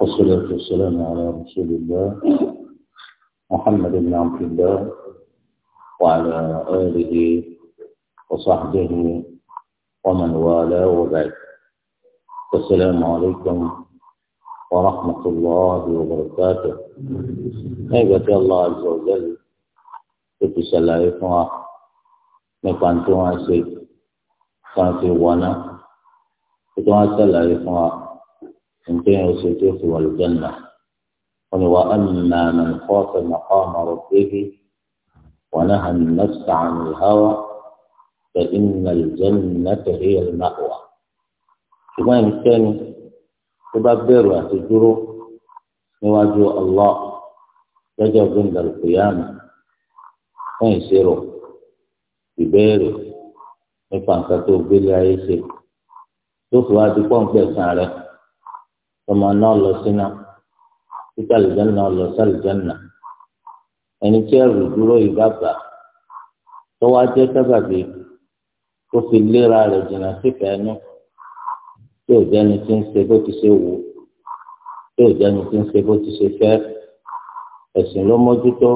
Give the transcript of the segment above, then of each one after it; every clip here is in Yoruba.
والصلاة والسلام على رسول الله محمد بن عبد الله وعلى آله وصحبه ومن والاه وبعد السلام عليكم ورحمة الله وبركاته نيبة الله عز وجل تتسلعي فوا نقانتوا عسي كان في وانا تتوا سلعي فوا nǹkan yẹn ṣe tó fi wà lùjẹ́nà wọn ni wà á nà nà nǹkan ọ̀fẹ́ màkà ọ̀mọ̀rọ̀ pébi wọn náà hàn ní nọ́ọ̀sì àmì ìhàwà tẹ̀lé nà lùjẹ́nà tẹ̀lé yẹn nà wà. ṣùgbọ́n ẹnikẹ́ni tó bá bẹ̀rù àti dúró níwájú ọlọ́ lọ́jọ́ gbẹ̀ngàn kìyàmù fún ìṣirò ìbéèrè nípa nǹkan tó gbélé ayé ṣe fi wá di pọ́ǹpẹ́ sàn rẹ̀ ọmọ náà lọ sínú títí àlùjáná lọ sí àlùjáná ẹni tí ẹrù dúró ìbàbà tó wá jẹ sábàbí kó fi léra rẹ̀ jìnnà síta ẹnu tí ò jẹni tí ń ṣe bó ti ṣe wù tí ò jẹni tí ń ṣe bó ti ṣe fẹ́ ẹ̀sìn ló mójútó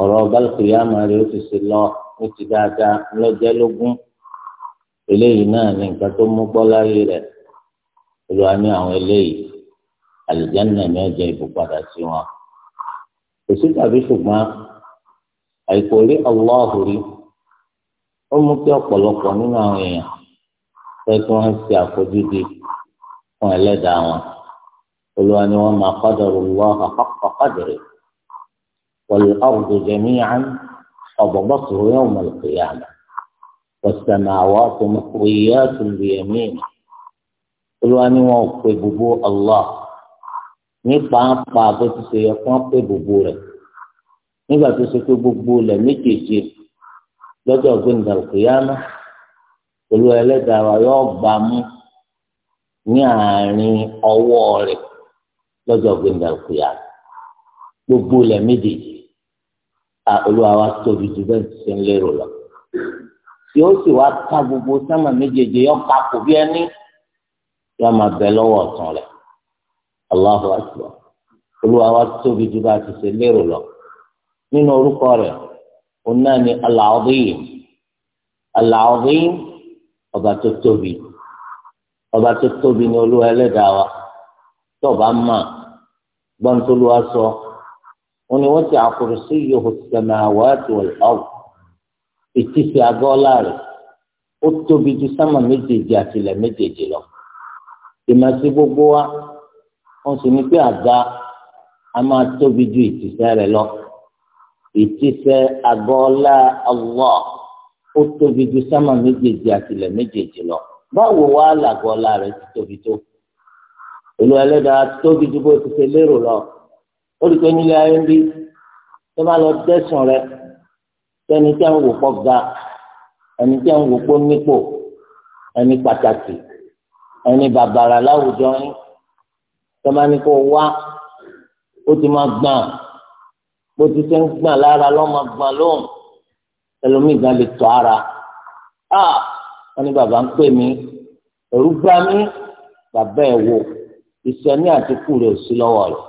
ọ̀rọ̀ bálùkìyàmà rẹ̀ ó ti ṣe lọ ní ti dáadáa lọ́jẹ́ lógún eléyìí náà ni nǹkan tó mú gbọ́ láyé rẹ̀ olùwà ní àwọn eléyìí àlìjáná ní ọjà ìbùpadà sí wọn èsì tàbí ṣùgbọ́n àìkò rí aláhùn rí ó mú kí ọ̀pọ̀lọpọ̀ nínú àwọn èèyàn fẹ́ kí wọ́n ṣe àfojúdi fún ẹlẹ́dàá wọn olùwà ni wọ́n máa kọ́dọ̀rọ̀ wọ́n àkọ́kọ́ kọ́dọ̀rẹ̀ wọ́lù ọ̀rùdù jẹ̀míyàn ọ̀bọ̀gbọ́sọ̀rọ̀ yóò mọ̀ lùkìyàmù wọ́n sẹ̀ máa wọ́ olúwa ni wọn ò pe gbogbo Allah nípa ń pa bó ti ṣe yẹ kí wọn pe gbogbo rẹ nígbà tó ṣe pé gbogbo rẹ méjèèjì lọ́jọ́ gbẹ̀ndà òkèèyàn olúwa ẹlẹ́dàá wa yóò gbà mú ní àárín ọwọ́ rẹ̀ lọ́jọ́ gbẹ̀ndà òkèèyàn gbogbo rẹ méjèèjì olúwa wa tóbi jù bẹ́ẹ̀ ti ṣe ń lérò lọ tí ó sì wá ká gbogbo sámà méjèèjì yọ ká kò bí ẹni yóò máa bẹ lọ́wọ́ ọ̀tún rẹ̀ Allahu akbar olúwa wa tóbi ju bá a ti ṣe lérò lọ nínú orúkọ rẹ̀ òun náà ni Al-Azim Al-Azim ọba tó tóbi ọba tó tóbi ni olúwa ẹlẹ́dàá wa tó bá mà gbọ́n tó lúwa sọ wọn ni wọ́n ti kursiyyuhu as-samawati wal-ard ìtìsí àgọ́ rẹ̀ ó tóbi ju sámà méjèèjì àtìlẹ̀ méjèèjì lọ ìmọ̀sí gbogbo wa wọ́n sì ní pé àga a máa tóbi ju ìtìsẹ́ rẹ̀ lọ ìtìsẹ́ àgọ́ọ́lá Allah ó tóbi ju sámà méjèèjì àtìlẹ̀ méjèèjì lọ báwo wá làgọ́ọ́lá rẹ̀ ti tóbi tó olú ẹlẹ́dàá tóbi ju bó ti ṣe lérò lọ ó rí i pé nílé ayé ń bí tó bá lọ dẹ́sùn rẹ tẹni tí a ń wò pọ̀ ga ẹni tí a ń wò pọ̀ nípò ẹni pàtàkì ẹni bàbàrà láwùjọ yín tọ́mání kó wá ó ti máa gbọ̀n bó ti ṣe ń gbọ̀n lára lọ́ máa gbọ̀n lóhùn ẹlòmíì gan lè tọ́ ara á wọ́n ní bàbá ń pè mí ẹ̀rú gbá mi bàbá ẹ̀ wò iṣẹ́ ní àtìkù rẹ̀ sí lọ́wọ́ rẹ̀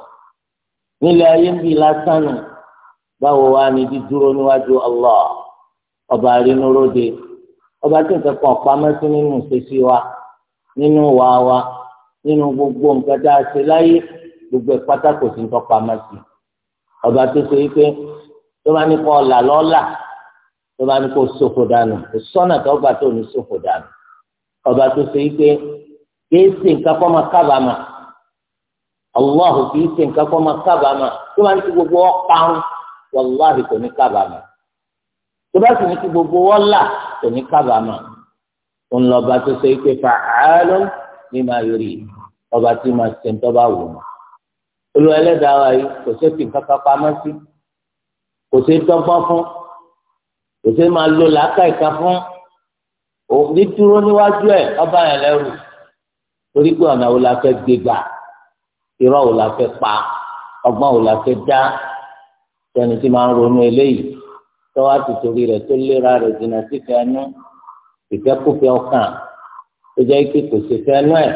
nílẹ̀ ayé ń bi lásán nù báwo wá ni dídúró níwájú Allah ọba àrínúróde ọba tí nǹkan kan pamọ́ sí nínú ìṣesí wa nínú wa wa nínú gbogbo nǹkan tá a ṣe láyé gbogbo ẹ̀ pátákó sí ń tọ́pa má sí ọba tó ṣe wípé tó bá ní kó ọ̀là lọ́ọ̀là tó bá ní kó ṣòfò dànù kò sọ́nà tó bá tó ní ṣòfò dànù ọba tó ṣe wípé kìí ṣe nǹkan kọ́ máa kábàámà Allahu kìí ṣe nǹkan kọ́ máa kábàámà tó bá ní kí gbogbo ọ parun wàláhì kò ní kábàámà tó bá sì ní kí gbogbo ọ là kò ní kábàámà ń lọ bá tó ṣe pé fa'alun lima yurid ọba tí máa ṣe ń tọ́ba wò ó olú ẹlẹ́dàá wa yìí kò ṣe fi kankan pamọ́ sí kò ṣe dọ́gbọ́n fún kò ṣe máa lo làákàyíká fún òní dúró níwájú ẹ̀ ọba yẹn lẹ́rù torí pé ọ̀nà wo la fẹ́ gbé gbà irọ́ wo la fẹ́ pa ọgbọ́n wo la fẹ́ dá tẹni tí máa ń ronú eléyìí tọ́wá ti torí rẹ̀ tó léra rẹ̀ jìnnà síkẹ́ ẹnu ìfẹ́kùfẹ́ ọkàn tó jẹ́ pé kò ṣe fẹ́ nú ẹ̀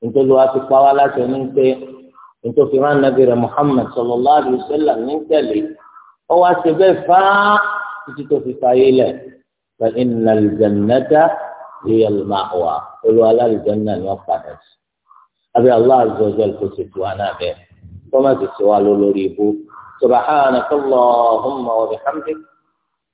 nítorí wàá ti pa wá láti ẹni pé nítorí fi rán nàbí rẹ̀ Muhammad sallallahu alaihi wasallam ní tẹ̀lé ó wá ṣe bẹ́ẹ̀ fá títí tó fi fàyè lẹ̀ fa innal jannata hiyal ma'wa olúwa alálùjẹ́nà ni wọ́n padà sí abẹ́ Allah azza kò sì tù wá náà bẹ́ẹ̀ kọ́mọ̀sì sì wá lórí ibú subhanaka Allahumma wa bihamdika.